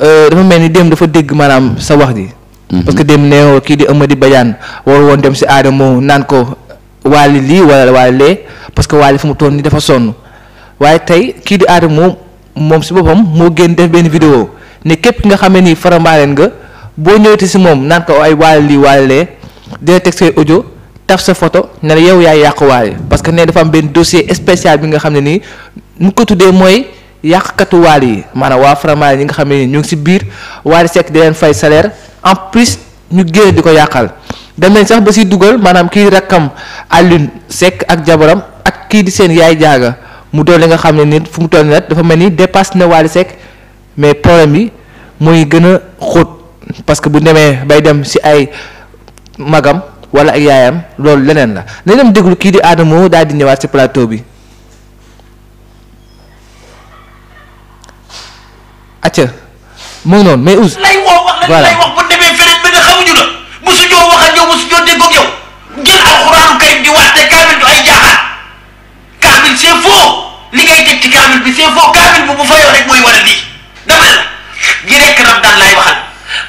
Euh, dafa mel ni dem dafa dégg maanaam sa wax ji. Mhm. parce dem démb nee kii di Amady Badiane war woon dem si Adamo naan ko waali lii wala waali lee parce que waali fu mu toll nii dafa sonn waaye tey kii di Adamo moom si boppam moo génn def benn vidéo ne képp nga xam ni farambaareen nga boo ñëwati si moom naan ko ay waali lii waali lee dina teg say audio taf sa photo ne la yow yaay yàqu waali parce que ne dafa am benn dossier spécial bi nga xam ne nii nu ko mooy. yàqkatu waal yi maanaam waa Framaay ñi nga xam ne ñu ngi si biir Waly Seck di leen fay salaire en plus ñu génn di ko yàqal dem nañ sax ba si dugal maanaam kii rakkam Alioune sekk ak jabaram ak kii di seen yaay jaaga mu doon li nga xam ne nit fu mu toll nii dafa mel ni dépasse na Waly sekk mais problème yi mooy gën a xóot parce que bu demee bay dem si ay magam wala ay yaayam loolu leneen la nañ dem déglu kii di Adamo daal di ñëwaat si plateau bi. acca mooy noon mais Ousse. lay woo wax la lay wax bu demee feneen ba nga xamuñu la mosu ñoo wax ak yow mosu ñoo dégg ak yow jël alxuraanu karim di waate kaamil du ay kaamil c'est faux li ngay teg ci kaamil bi c'est faux kaamil bu bu fayoo rek mooy waral lii dama la ñi rekk nam daan laay waxal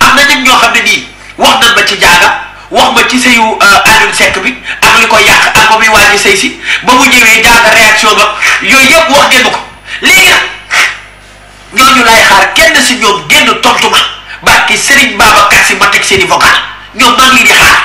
am na nit ñoo xam ne nii wax nan ba ci jaaga wax ma ci sëyu euh, Alioune Seck bi ak li ko yàq ak ba muy waaj sëy si ba mu ñëwee jaaga réaction ba yooyu yëpp wax ngeen ko léegi ñooñu laay si ñoom génn tontu ma barki Serigne Babacar seen i vocal ñoom maa ngi di xaar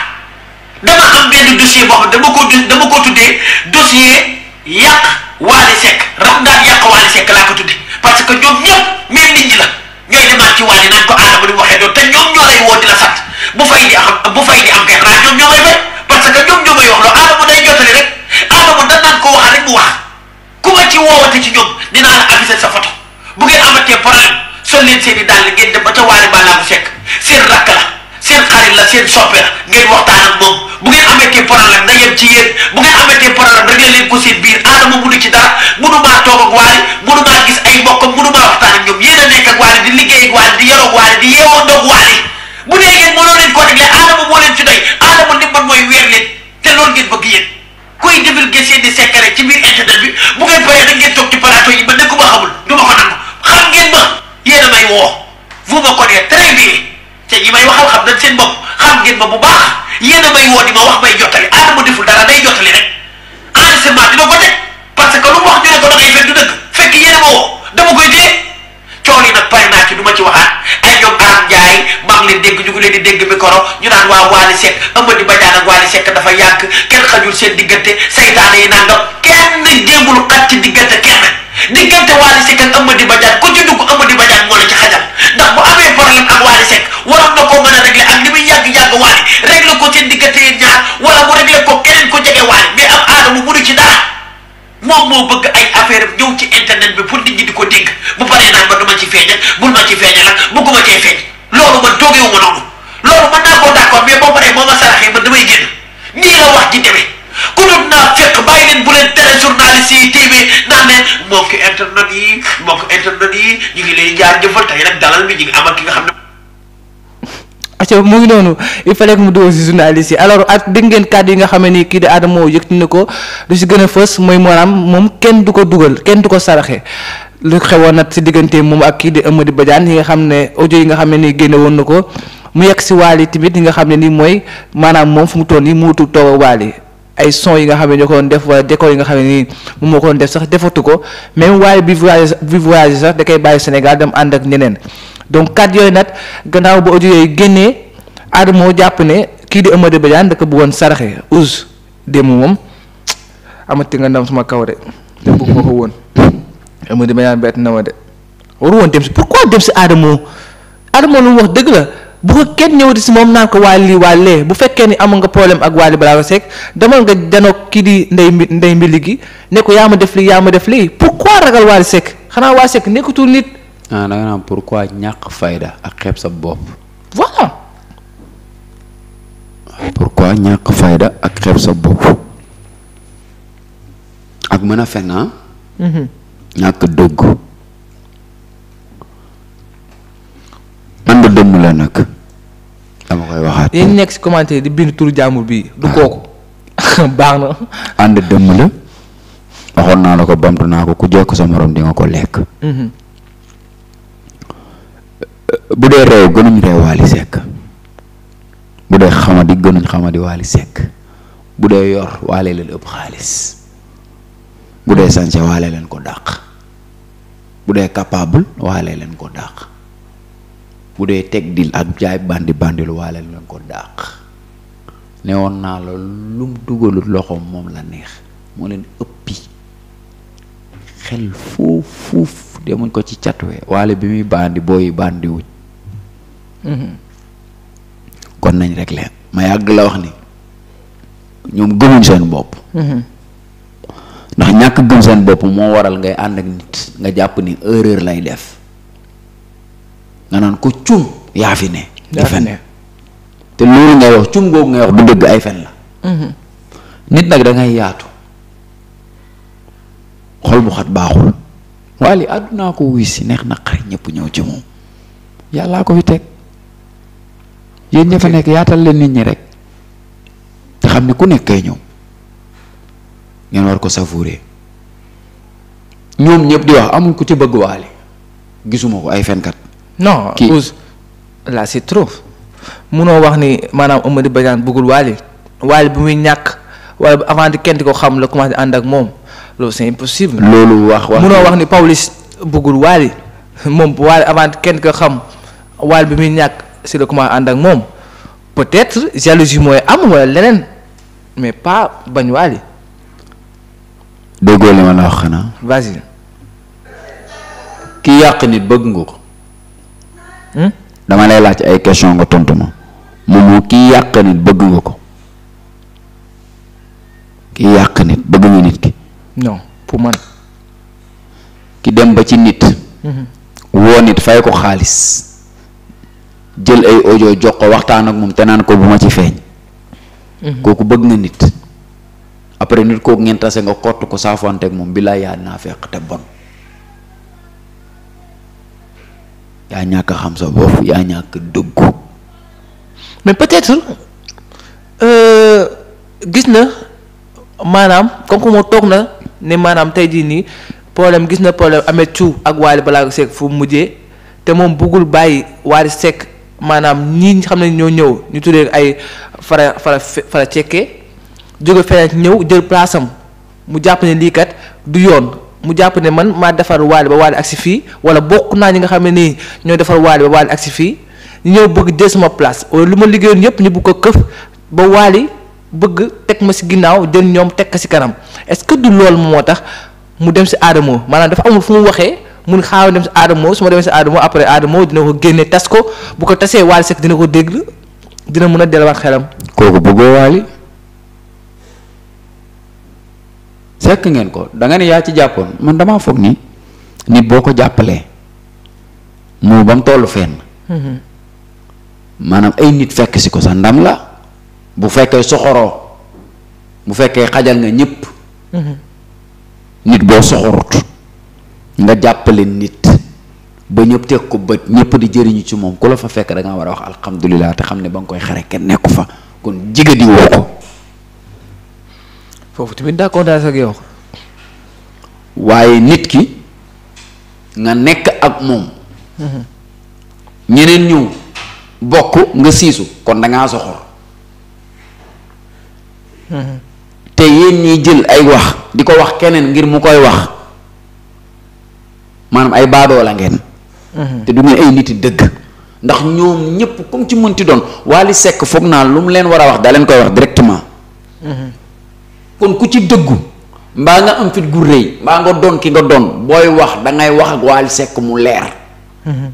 dama am benn dossier boo xam dama ko dama ko tuddee dossier yàq Waly Seck Ramadane yàq Waly Seck laa ko tuddee parce que ñoom ñëpp la ñooy demaat ci Waly naan ko aadama ah di waxee te ñoom ñoo lay woo di la sant bu fay di am bu fay di am kay xanaa ñoom ñoo may fay parce que ñoom ñoo may wax loo aadama day jotali rek aadama da naan ko wax rek mu wax ku ma ci woowate ci ñoom dinaa la aviser sa photo. bu ngeen amatee problème sol leen seen i dàll ngeen dem ba ca waari baalaam sekk seen rakk la seen xarit la seen soppe la ngeen waxtaan moom bu ngeen amatee problème na yem ci yéen bu ngeen amatee problème rek leen ko seen biir aadama munu ci dara gis ay mbokkam munu maa waxtaan ak ñoom yéen a nekk ak waali di liggéey ak waali di yoroo ak waali di yeewoo ndoog waali bu dee yéen mënoo leen ko réglé aadama moo leen ci doy aadama li man mooy weer leen te loolu ngeen bëgg i secret ci biir internet bi bu ngeen paree da ngeen toog ci plateau yi ba dëkk ba xamul du ma ko nangu xam ngeen ma yéen may woo vous me connaissez très bien te ñi may waxal xam nañ seen bopp xam ngeen ma bu baax yéen a may woo di ma wax may jottali aadama deful dara day jottali rek enregistrement di ma ko teg parce que lu mu wax ñu ne ko da ngay fekk du dëgg fekk yéen a ma woo dama koy téye coow yi nag pare naa ci du ma ci waxaat ay ñoom Aram Ndiaye maa ngi leen dégg ñu ngi leen di dégg micro ñu naan waa Waly Seck Amady Badiane ak Waly Seck dafa yàgg kenn xajul seen diggante saytaane yi nangam kenn jéemul xat ci diggante kenn. diggante Wally Seck ak Amady Badiane ku ci dugg Amady Badiane moo la ci xajal ndax bu amee problème ak Wally waroon na koo mën a régler li muy yàgg-yàgg Wally régler ko seen ko keneen ko jege Wally mais am aadama mënu ci dara moom moo bëgg ay affaire ñëw ci internet bi pour nit ñi di ko dégg bu paree naan ma dama ci feeñal bul ma ci feeñal ak bëgguma cee feeñ loolu man doogeewu ma noonu loolu mën naa koo d'accord mais boo paree moo ma saraxee man damay génn nii la wax ji demee ku dul naa bu leen tere journaliste mbokki internet yi mbokki internet yi ñu ngi leen dalal bi ñu ngi ki nga xam ne. mu noonu il fallait que mu dugg si alors ak dégg ngeen kàddu yi nga xam ni kii di Adamo yëg na ko lu si gën a fës mooy maanaam moom kenn du ko dugal kenn du ko saraxe. lu xewoon nag si diggante moom ak kii di Amady Badiane yi nga xam ne audio yi nga xam ne nii génne na ko mu yegg si waali tamit yi nga xam ne nii mooy maanaam moom fu mu toll nii muutu toog waali ay son yi nga xam ne ñoo ko doon def wala décor yi nga xam ne nii moom moo ko doon def sax defatu ko même waaye bi voyage bi voyage sax da koy bàyyi Sénégal dem ànd ak ñeneen donc kàddu yooyu nag gannaaw ba audio yooyu génnee Adama moo jàpp ne kii di Amady Badiane da ko bëggoon saraxe Ouz démb moom amati nga ndam sama kaw de ma ko woon de waru woon dem si pourquoi dem si Adama Adama lu mu wax dëgg la. bu ko kenn ñëwati si moom naan ko waa lii waa bu fekkee ni amoon nga problème ak Wally Ballago Seck demal nga janoog kii di ndey ndey mbili gi ne yaa ma def lii yaa ma def lii pourquoi ragal Wally Seck xanaa Wally Seck nekkatul nit. Ah, pourquoi ñàkk fayda ak xeeb sa bopp. fayda ak xeeb mën a fen ah? mm-hmm. ñàkk dëgg. baax nekk si commentaire di bind turu jàmbur bi du ah. kooku baax na ànd dëmm la waxoon naa la ko bamtu naa ko ku jekk sa morom di nga ko lekk mhm. bu dee réew gënuñ réew Wally Seck bu dee xamadi gënuñ xamadi Wally Seck bu dee yor waale leen ëpp xaalis bu dee sañse waale leen ko dàq bu dee capable waale leen ko dàq bu dee teg dil ak jaay bandi bandilu waale lañ ko dàq ne woon naa la lum dugalut loxoom moom la neex moo leen ëppi xel fuuf fuuf demuñ ko ci catwe waale bi muy bandi booyi bandi mm-hmm. kon nañ rek leen may yàgg la wax ni ñoom gëmuñ seen bopp mm-hmm. ndax ñàkk gëm seen bopp moo waral ngay ànd ak nit nga jàpp ni erreur lay def nga naan ko cum yaa fi ne. di te loolu ngay wax cum googu ngay wax du dëgg ay fen la. Mm-hmm. nit nag da yaatu. xol bu xat baaxul. waaye àddunaa ko wuy si neex na xar ñëpp ñëw ci moom. yàllaa ko fi teg. yéen ña fa nekk yaatal leen nit ñi rek. te xam ne ku nekk kay ñëw. ngeen war ko savourer. ñoom ñëpp di wax amul ku ci bëgg waale. gisuma ko ay fenkat non Ousse là c'est trop munoo wax ni maanaam Amady Badiane bëggul Wally Wally bu muy ñàkk wala avant di kenn di ko xam la commencé ànd ak moom loolu c'est impossible. loolu wax wax munoo wax ni Pawlish bëggul Wally moom Wally avant kenn ko xam Wally bi muy ñàkk si la commencé ànd ak moom peut-être jalousie mooy am wala leneen mais pas bañ Wally. déggoo li ma la wax xanaa. vas ki yàq nit bëgg nga ko. Hmm? dama lay laaj ay question nga tontu ma moom moo kii yàq nit bëgg nga ko kii yàq nit bëgg nga nit ki. non pour man. ki dem ba ci nit. Hmm. woo nit fay ko xaalis jël ay audio jox ko waxtaan ak moom te naan ko bu ma ci feeñ. Hmm. kooku bëgg nga nit. après nit kooku ngeen tase nga kott ko saafoonteeg moom billaa laa yaa naa fekk te bon. yaa ñàkk xam sa bopp yaa ñàkk dëggu mais peut-être euh, gis na maanaam comme que moo toog na ne maanaam tey jii nii problème gis na problème amee cu ak Wally Ballago Seck fu mujjee te moom buggul bàyyi Wally Seck maanaam ñii xam ne ñoo ñëw ñu tuddee ay fara fara fara cekkee jóge feneen ñëw jël place am mu jàpp ne lii du yoon mu jàpp ne man maa defar waali ba waali ak si fii wala bokk naa ñi nga xam ne nii ñooy defar waali ba waali ak si fii ñu ñëw bëgg jël sama place wala lu ma liggéeyoon yëpp ñu bëgg ko këf ba waali bëgg teg ma si ginnaaw jël ñoom teg ko si kanam est-ce que du lool moo tax mu dem si aadamoo maanaam dafa amul fu mu waxee mun xaawa dem si aadamoo suma ma demee si aadamoo après aadamoo dina ko génnee tas ko bu ko tasee waali sekk dina ko déglu dina mën a delluwaat xelam. kooku bëggoo waali sekk ngeen ko danga ne yaa ci jàppoon man dama foog ni nit boo ko jàppalee moo ba mu fenn mhm. maanaam ay nit fekk si ko sa ndam la bu fekkee soxoroo bu fekkee xajal nga ñëpp mhm. nit boo soxorut nga jàppale nit ba ñëpp teg ko bët ñëpp di jëriñu ci moom ku la fa fekk da war a wax alhamdulilah te xam ne ba nga koy xare kenn nekku fa kon jigadi ko foofu tamit d'accord daal ak yow. waaye nit ki nga nekk ak moom. Mhm. ñeneen ñëw bokk nga siisu kon dangaa ngaa mhm. te yéen ñuy jël ay wax di ko wax keneen ngir mu koy wax maanaam ay baadoo la ngeen. Mhm. te du ngeen ay nit dëgg. ndax ñoom ñëpp comme ci mënti doon Wally sekk foog naa lu mu leen war a wax daa koy wax directement. kon ku ci dëggu mbaa nga am fit gu rëy mbaa nga doon ki nga doon booy wax dangay wax ak Wally Seck mu leer mhm.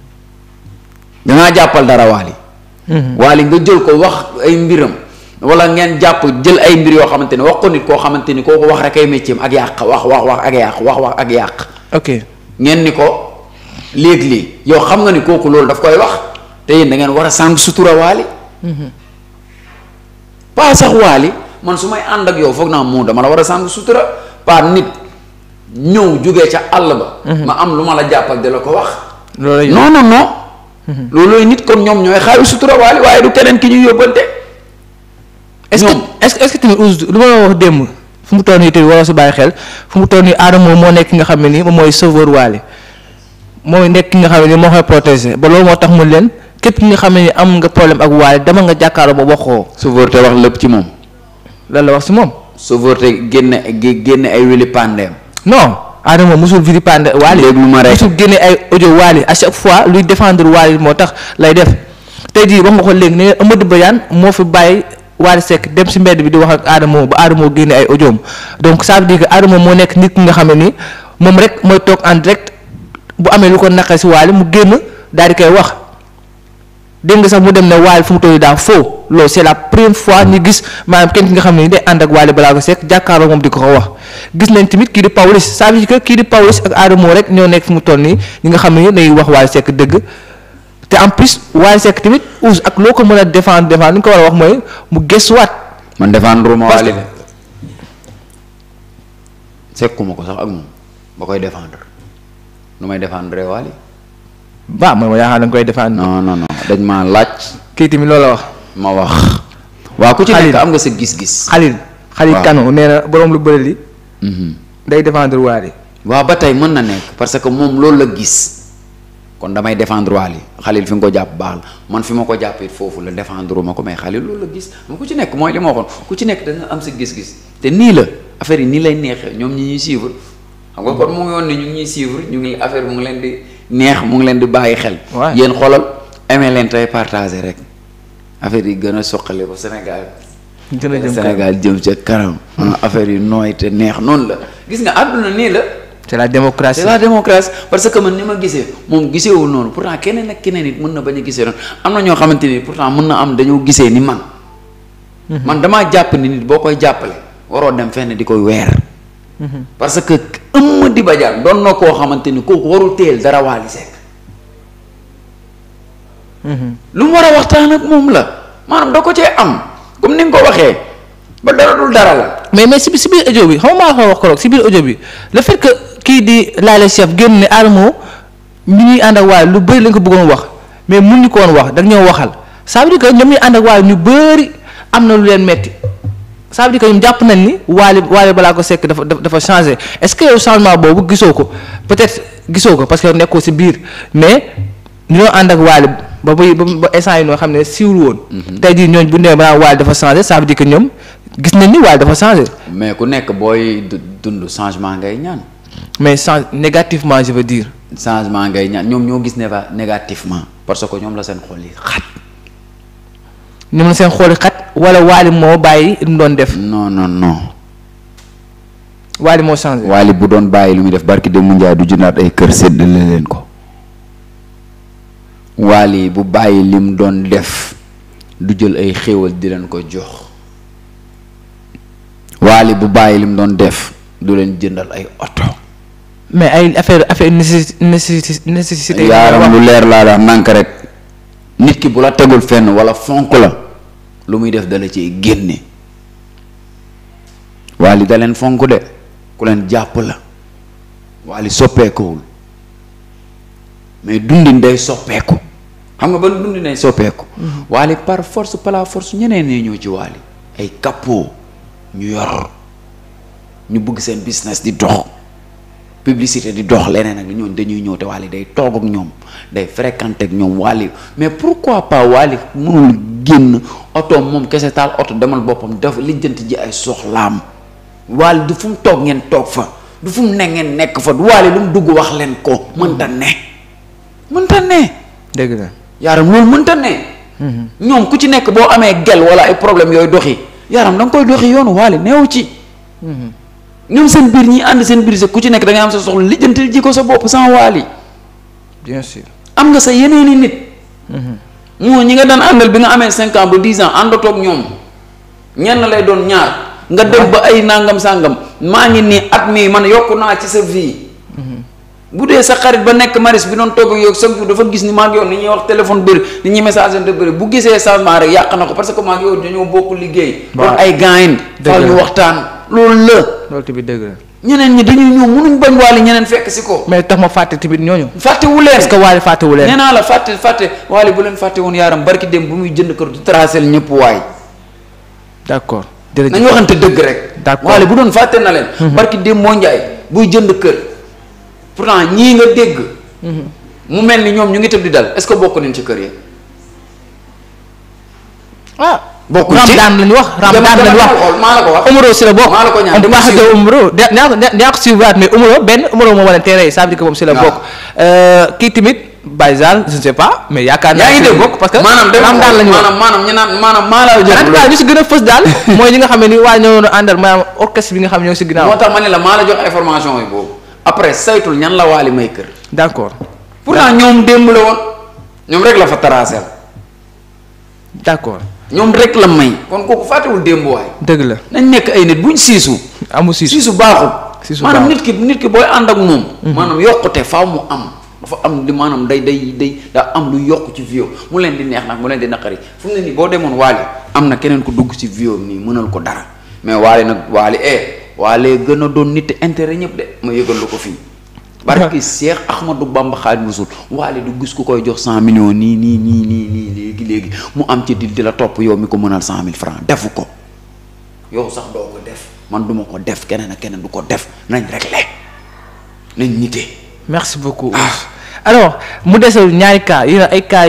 dangaa jàppal dara Wally mhm. Wally nga jël ko wax ay mbiram wala ngeen jàpp jël ay mbir yoo xamante ne wax ko nit koo xamante ni koo ko wax rek ay métier ak yàq wax wax wax ak yàq wax wax ak yàq ok ngeen ni ko léegi léeg yow xam nga ni kooku loolu daf koy wax te yéen da ngeen war a sàng sutura Wally mhm. pas sax Wally man su may ànd ak yow foog naa moo dama la war a sàng sutura par nit ñëw jugee ca àll ba. Mhm. ma am lu ma la jàppal di la ko wax. loolu non non loolu mhm. loolooy nit kon ñoom ñooy xaaru sutura waale waaye du keneen ki ñuy yóbbante. est-ce que est-ce que tamit lu ma la wax démb fu mu toll nii tamit waroo su bàyyi xel fu mu toll nii Adamo moo nekk nga xam ne nii moom mooy sauveur waale mooy nekk ki nga xam ne nii moo koy protégé ba loolu moo tax mu leen képp ki nga xam ne am nga problème ak waale dama nga jàkkaarloo ba waxoo. sauveur te ci moom. lan la wax si moom. Sovore génne génne ay wili pandeem. non Adama mosul wili pande Wally. léegi ma rek mosul génne ay audio Wally à chaque fois luy defendre Wally moo tax lay def tey jii wax nga ko léegi ne Amadou Badiane moo fi bàyyi. Wally sekk dem si mbedd bi di wax ak Adamo ba moo génne ay audio donc ça veut dire que Adamo moo nekk nit ki nga xam ne nii moom rek mooy toog en direct bu amee lu ko naqari si Wally mu génn daal di koy wax dégg sax mu dem ne waale fu mu toll daa foo loolu c'est la première fois ñu gis maanaam kenn ki nga xam ne day ànd ak balaa Ballago Seck jàkkaarloo moom di ko ko wax gis nañ tamit kii di Pawlish ça veut kii di Pawlish ak Adamo rek ñoo nekk fu mu toll nii ñi nga xam ne dañuy wax Wally Seck dëgg te en plus Wally Seck tamit us ak loo ko mën a défendre défendre li ñu ko war a wax mooy mu gëstuwaat. man défendre ma Wally sekkuma ko sax ak moom koy défendre nu may défendre Wally waaw man ma yaakaar da nga koy defaan. non non non dañ maa laaj. kii tamit loolu la wax. ma wax. waaw ku ci nekk am nga sa gis-gis. xalil xalil kanu nee na borom lu bëri li. Mhm. day défendre waali. waaw ba tey mën na nekk parce que moom loolu la gis kon damay défendre waali xalil fi nga ko jàpp baax la man fi ma ko jàpp it foofu la défendre ma ko may xalil loolu la gis ma ku ci nekk mooy li ma waxoon ku ci nekk da nga am sa gis-gis te nii la affaire yi nii lay neexee ñoom ñi ñuy suivre neex mu ngi leen di bàyyi xel. yéen xoolal amee leen tey partagé rek affaire yi gën a soqale ko Sénégal. gën a jëm Sénégal jëm ca kanam. Hmm. Ah, affaire yi nooy te neex noonu la gis nga àdduna nii la. te la démocratie c'est la démocratie parce que man ni ma gisee moom gisewul noonu pour pourtant keneen ak keneen it mun na bañ a gisee noonu am na ñoo xamante ni pourtant mën na am dañoo gisee ni man. Hmm. man damaa jàpp ni nit boo koy jàppale waroo dem fenn di koy weer. parce que di Badiane doon na koo xamante ni kooku warul teel dara Wally Seck lu mu war a waxtaan ak moom la maanaam da ko cee am comme ni nga ko waxee ba dara dul dara la. mais mais si bi si biir audio bi xaw maa ko wax ko rek si biir audio bi la fait kii di laale chef génn ne Adamo ñu ñuy ànd ak waaye lu bëri lañ ko bëggoon wax mais mu ñu koon wax da ñoo waxal ça veut dire que ñoom ñu ànd ak waaye ñu bëri am na lu leen metti ça veut dire jàpp nañ ni Wally Wally balaa ko sekk dafa dafa changé est-ce que yow changement boobu gisoo ko peut-être gisoo ko parce que nekkoo si biir mais ñu doon ànd ak Wally ba muy ba instant yi noo xam ne siiwul woon. Mhm. tey jii ñooñ bu nee maanaam Wally dafa changé ça veut dire ñoom gis nañ ni Wally dafa changé. mais ku nekk booy dund changement ngay ñaan. mais change négativement je veux dire. changement ngay ñaan ñoom ñoo gis ne va négativement parce que ñoom la seen xol yi ni mu seen xooli xat wala waali moo bàyyi lu mu doon def. non non non. waali moo changé. waali bu doon bàyyi lu muy def barki de mu njaay du jëndaat ay kër sedd séddale leen ko. waali bu bàyyi lim doon def du jël ay xéewal di leen ko jox. waali bu bàyyi lim doon def du leen jëndal ay oto. mais ay affaire affaire nécessité nécessité. yaaram lu leer laa daan nànk rek. nit ki bu la tegul fenn wala fonk la. lu muy def dala ciy génne waali da leen fonk de ku leen jàpp la waali soppeekuwul mais dundin day soppeeku xam nga ban dundin day soppeeku mm-hmm. waali par force par force ñeneen ne ñoo ci waali ay capot ñu yor ñu bugg seen business di dox publicité di dox leneen ak ñoom dañuy ñëw te Wally day toog ak ñoom day fréquenté ak ñoom Wally mais pour pourquoi pas Wally mënul génn oto moom kese taal oto demal boppam dafa lijjant ji ay soxlaam Wally du fu mu toog ngeen toog fa du fu mu ne ngeen nekk fa du Wally lu dugg wax leen ko mënta ne mënta ne dëgg la yaaram loolu mënta ne mhm. ñoom ku ci nekk boo amee gel wala ay problème yooyu doxi yaaram da nga koy doxi yoonu Wally neewu ci mhm. ñoom seen biir ñi ànd seen biir sa ku ci nekk da nga am sa soxla lijjantil ji ko sa bopp sans waali bien am nga sa yeneen yeneeni nit mhm. moo ñi nga daan àndal bi nga amee cinq ans ba dix ans àndatoog ñoom ñenn lay doon ñaar nga dem ba ay nangam sàngam maa ngi nii at mii man yokk naa ci sa vie bu dee sa xarit ba nekk maris bi doon togg ak yow chaque jour dafa gis ni maa ngi yow ni ñuy wax téléphone bëri ni ñuy message de bëri bu gisee changement yàq na ko parce que maa ngi yow bokk liggéey. waaw ay gaañ. dëgg ñu waxtaan loolu la. loolu tamit dëgg ñeneen ñi dañuy ñëw mënuñ bañ waali ñeneen fekk si ko. mais tax ma fàtte tamit ñooñu. fàttewu leen parce que waali fàttewu nee naa la fàtte fàtte waali bu leen fàtte woon yaaram barki dem bu muy jënd kër du tracé ñëpp waay. d' accord jërëjëf nañu waxante dëgg rek. d' accord waali bu doon fàtte na leen. Mhm. barki dem moo njaay buy jënd kër pourtant ñii nga dégg. Mhm. mu mel ni ñoom ñu ngi tëb di dal est-ce que bokk nañ ci kër yi. waaw. Ah, bokkul ci ramadaan lañ wax ramadaan lañ wax maa la ko wax umro si la bokk maa la ko ñaan dama si wax umro dinaa ko dinaa ko suivre mais umro benn umro moo war a teeree ça veut dire que moom ne ah. euh, sais si gën a fës daal mooy ñi nga xam ne nii waa ñoo àndal maa la jox information yi boobu. après saytul ñan la waali may kër. d' accord pourtant ñoom démb la woon ñoom rek la fa taraseel. d' accord ñoom rek la may. kon kooku fàttewul démb waay. dëgg la nañ nekk ay nit buñ siisu. amu siisu siisu baaxul. siisu maanaam nit ki nit ki booy ànd ak moom. Mhm. maanaam yokkute faaw mu am. dafa am di maanaam day day day daa am lu yokk ci vieux mu leen di neex nag mu leen di naqari fu mu ne nii boo demoon waali am na keneen ku dugg ci vieux nii mënal ko dara mais waali eh, waa lee gën a doon nit intérêt ñëpp de ma yëgal la ko fii barki Cheikh Ahmadou Bamba Xaadimu Rasuul waale du gis ku koy jox cent millions nii nii nii nii nii léegi léegi mu am ci di di la topp yow mi ko mënal cent mille francs defu ko yow sax doo ko def man duma ko def keneen ak keneen du ko def nañ réglé nañ nitee merci beaucoup ah. alors mu desal ñaari cas yi ay cas